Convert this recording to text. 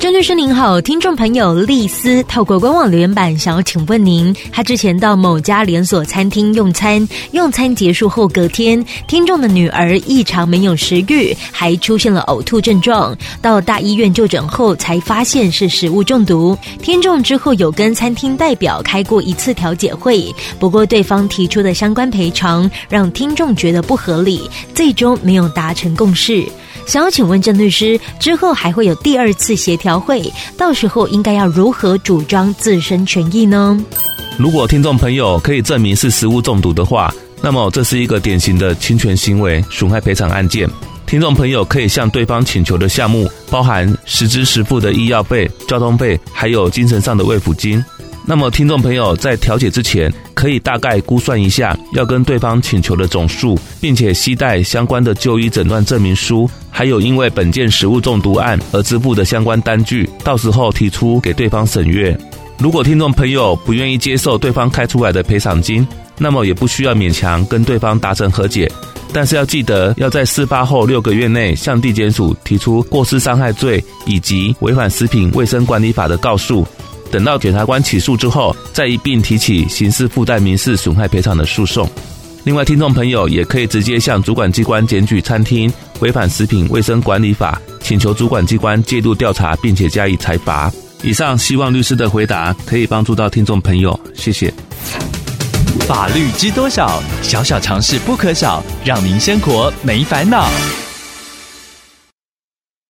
鄭律師您好，聽眾朋友麗絲透過官網留言板想要請問您，她之前到某家連鎖餐廳用餐，用餐結束後隔天，聽眾的女兒異常沒有食欲，還出現了嘔吐症狀，到大醫院就診後才發現是食物中毒。聽眾之後有跟餐廳代表開過一次調解會，不過對方提出的相關賠償讓聽眾覺得不合理，最終沒有達成共識。想要請問鄭律師，之後還會有第二次協調會，到時候應該要如何主張自身權益呢？如果聽眾朋友可以證明是食物中毒的話，那麼這是一個典型的侵權行為，損害賠償案件。聽眾朋友可以向對方請求的項目包含實支實付的醫藥費、交通費，還有精神上的慰撫金。那麼聽眾朋友在調解之前，可以大概估算一下要跟對方請求的總數，並且攜帶相關的就醫診斷證明書，還有因為本件食物中毒案而支付的相關單據，到時候提出給對方審閱。如果聽眾朋友不願意接受對方開出來的賠償金，那麼也不需要勉強跟對方達成和解。但是要記得要在事發後六個月內向地檢署提出過失傷害罪以及違反《食品衛生管理法》的告訴。等到檢察官起訴之後，再一併提起刑事附帶民事損害賠償的訴訟。另外，聽眾朋友也可以直接向主管機關檢舉餐廳違反《食品衛生管理法》，請求主管機關介入調查，並且加以裁罰。以上，希望律師的回答可以幫助到聽眾朋友，謝謝。法律知多少？小小常識不可少，讓您生活沒煩惱。